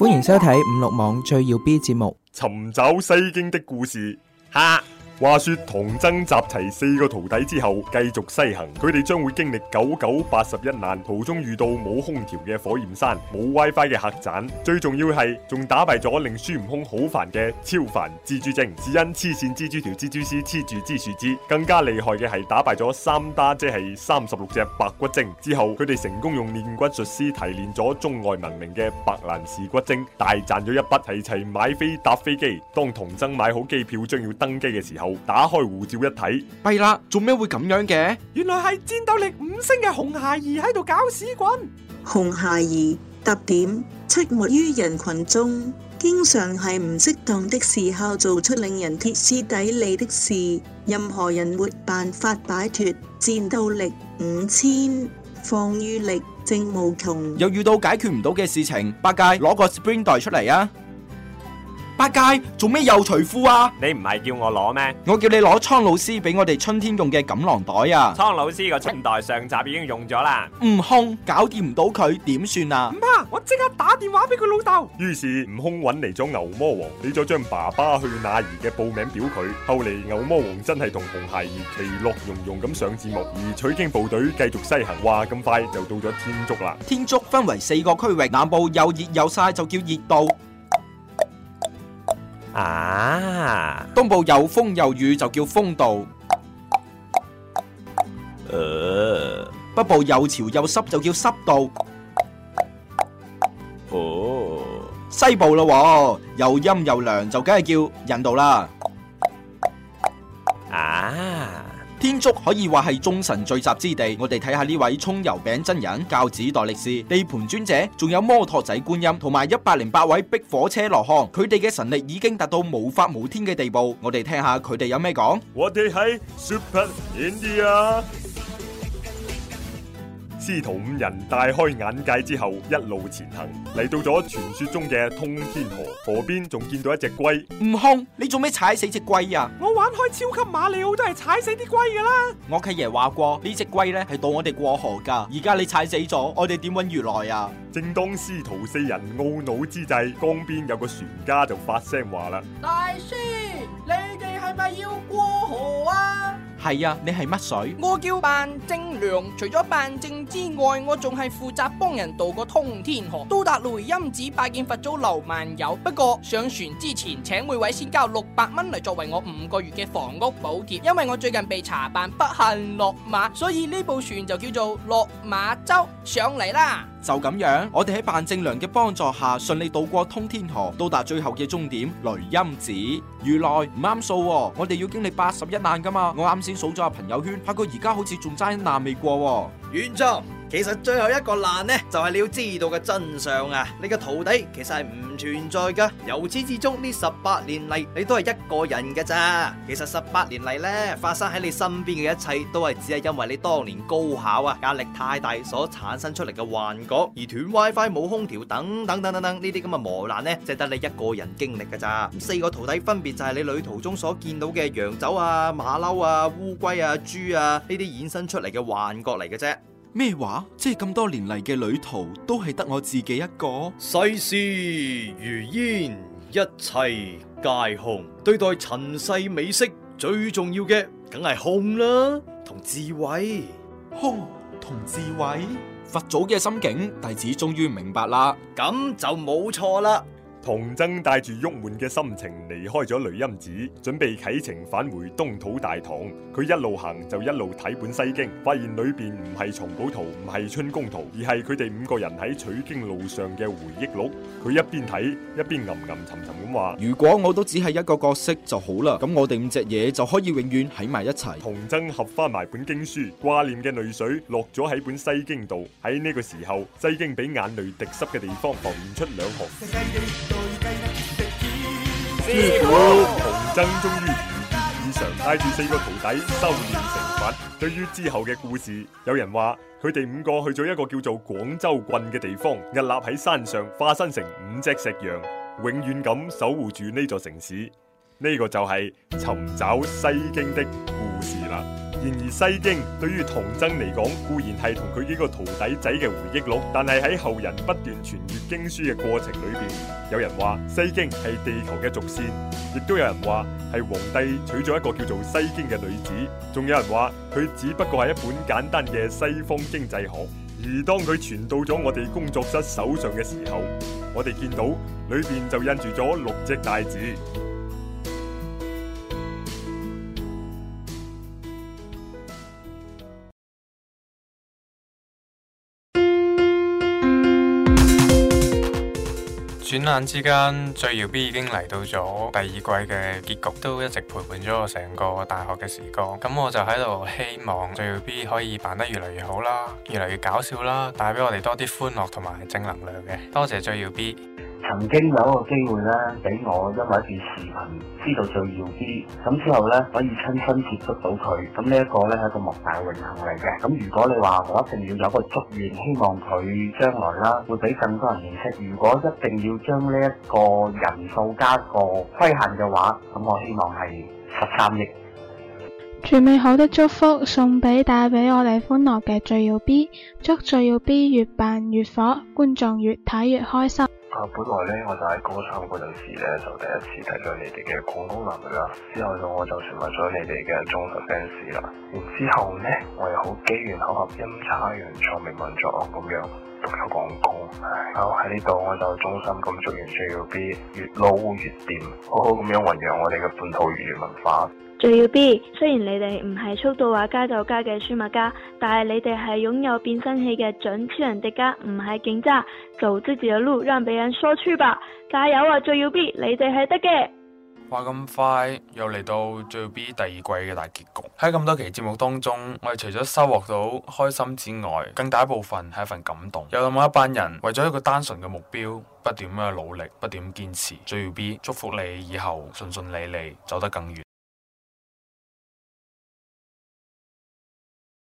歡迎收睇五六網最耀 B 節目《尋找西經的故事》哈。話說唐僧集齊四個徒弟之後，繼續西行，佢哋將會經歷九九八十一難，途中遇到冇空調嘅火焰山，冇 WiFi 嘅客棧，最重要係仲打敗咗令孫悟空好煩嘅超凡蜘蛛精，只因黐線蜘蛛條蜘蛛絲黐住支樹枝，更加厲害嘅係打敗咗三打即係三十六隻白骨精。之後佢哋成功用煉骨術師提煉咗中外聞名嘅白蘭氏骨精，大賺咗一筆，提齊買飛搭飛機。當唐僧買好機票將要登機嘅時候，打開護照一睇，弊啦，做咩會咁樣嘅？原來係戰鬥力五星嘅紅孩兒喺度搞屎棍。紅孩兒特點：出沒於人群中，經常係唔適當的時候做出令人歇斯底里的事，任何人沒辦法擺脫。戰鬥力五千，防禦力正無窮。又遇到解決唔到嘅事情，八戒攞個 spring 袋出嚟啊！八戒做咩又除褲啊？你唔係叫我攞咩？我叫你攞蒼老師俾我哋春天用嘅錦囊袋啊！蒼老師個春袋上集已經用咗啦。悟空搞掂唔到佢點算啊？唔怕，我即刻打電話俾佢老豆。於是悟空揾嚟咗牛魔王，俾咗張爸爸去哪兒嘅報名表佢。後嚟牛魔王真係同紅孩兒其樂融融咁上節目，而取經部隊繼續西行。哇，咁快就到咗天竺啦。天竺分為四個區域，南部又熱又晒就叫熱度。啊，東部有風有雨就叫風度，呃，北部有潮有濕就叫濕度，哦，西部咯，又陰又涼就梗係叫印度啦。天竺可以話係眾神聚集之地，我哋睇下呢位蔥油餅真人、教子代力士地盤尊者、仲有摩托仔觀音同埋一百零八位逼火車羅漢，佢哋嘅神力已經達到無法無天嘅地步，我哋聽下佢哋有咩講。我哋喺 Super India。師徒五人大開眼界之後，一路前行嚟到咗傳說中嘅通天河，河邊仲見到一隻龜。悟空，你做咩踩死隻龜啊？我玩開超級馬里奧都係踩死啲龜噶啦。我契爺話過，呢隻龜咧係到我哋過河噶。而家你踩死咗，我哋點揾如來啊？正當師徒四人懊惱之際，江邊有個船家就發聲話啦：大師，你哋係咪要過河啊？係啊，你係乜水？我叫萬正良，除咗辦證之外，我仲係負責幫人渡過通天河。到達雷音寺拜見佛祖劉萬友。不過上船之前，請每位先交六百蚊嚟作為我五個月嘅房屋補貼，因為我最近被查辦，不幸落馬，所以呢部船就叫做「落馬洲」。上嚟啦！就咁樣，我哋喺范正良嘅幫助下，順利渡過通天河，到達最後嘅終點雷音寺。原來唔啱數，喎，我哋要經歷八十一難噶嘛。我啱先數咗下朋友圈，發覺而家好似仲爭一難未過喎。完集。其實最後一個難呢，就係、是、你要知道嘅真相啊！你嘅徒弟其實係唔存在噶，由始至終呢十八年嚟，你都係一個人嘅咋。其實十八年嚟呢，發生喺你身邊嘅一切都係只係因為你當年高考啊壓力太大所產生出嚟嘅幻覺，而斷 WiFi、冇空調等等等等呢啲咁嘅磨難呢，即係得你一個人經歷嘅咋。四個徒弟分別就係你旅途中所見到嘅羊走啊、馬騮啊、烏龜啊、豬啊呢啲、啊、衍生出嚟嘅幻覺嚟嘅啫。咩話？即係咁多年嚟嘅旅途，都係得我自己一個。世事如煙，一切皆空。對待塵世美色，最重要嘅，梗係空啦，同智慧。空同智慧，佛祖嘅心境，弟子終於明白啦。咁就冇錯啦。唐僧帶住鬱悶嘅心情離開咗雷音寺，準備啟程返回東土大唐。佢一路行就一路睇本《西經》，發現裏邊唔係藏寶圖，唔係春宮圖，而係佢哋五個人喺取經路上嘅回憶錄。佢一邊睇一邊吟吟沉沉咁話：如果我都只係一個角色就好啦，咁我哋五隻嘢就可以永遠喺埋一齊。唐僧合翻埋本經書，掛念嘅淚水落咗喺本《西經》度。喺呢個時候，《西經》俾眼淚滴濕嘅地方浮現出兩行。師傅洪珍終於如願以償，帶住四個徒弟修煉成佛。對於之後嘅故事，有人話佢哋五個去咗一個叫做廣州郡嘅地方，屹立喺山上，化身成五隻石羊，永遠咁守護住呢座城市。呢個就係尋找《西經》的故事啦。然而《西經》對於唐僧嚟講固然係同佢幾個徒弟仔嘅回憶錄，但係喺後人不斷傳閱經書嘅過程裏邊，有人話《西經》係地球嘅軸線，亦都有人話係皇帝娶咗一個叫做《西京》嘅女子，仲有人話佢只不過係一本簡單嘅西方經濟學。而當佢傳到咗我哋工作室手上嘅時候，我哋見到裏邊就印住咗六隻大字。轉眼之間，最耀 B 已經嚟到咗第二季嘅結局，都一直陪伴咗我成個大學嘅時光。咁我就喺度希望最耀 B 可以辦得越嚟越好啦，越嚟越搞笑啦，帶俾我哋多啲歡樂同埋正能量嘅。多謝最耀 B！曾經有一個機會咧，俾我因為一段視頻知道最耀 B，咁之後咧可以親身接觸到佢，咁呢一個咧係一個莫大嘅榮幸嚟嘅。咁如果你話我一定要有個祝願，希望佢將來啦會俾更多人認識。如果一定要將呢一個人數加個規限嘅話，咁我希望係十三億。最美好的祝福送俾帶俾我哋歡樂嘅最耀 B，祝最耀 B 越辦越火，觀眾越睇越開心。我本來咧，我就喺高三嗰陣時咧，就第一次睇咗你哋嘅廣工男女啦。之後咧，我就成為咗你哋嘅忠實 fans 啦。然之後咧，我又好機緣巧合音，陰差陽錯、命運作惡咁樣，樣，讀咗廣工。就喺呢度我就衷心咁祝願最耀 B 越撈越掂，好好咁樣弘揚我哋嘅本土粵語文化。最耀 B，雖然你哋唔係速度畫家就家嘅書物家，但係你哋係擁有變身器嘅準超人迪迦，唔係警察，走自己嘅路，讓俾人說出吧！加油啊，最耀 B，你哋係得嘅。話咁快又嚟到《最耀 B》第二季嘅大結局，喺咁多期節目當中，我哋除咗收穫到開心之外，更大一部分係一份感動。有咁一班人為咗一個單純嘅目標，不斷咁去努力，不斷堅持。最耀 B 祝福你以後順順利利，走得更遠。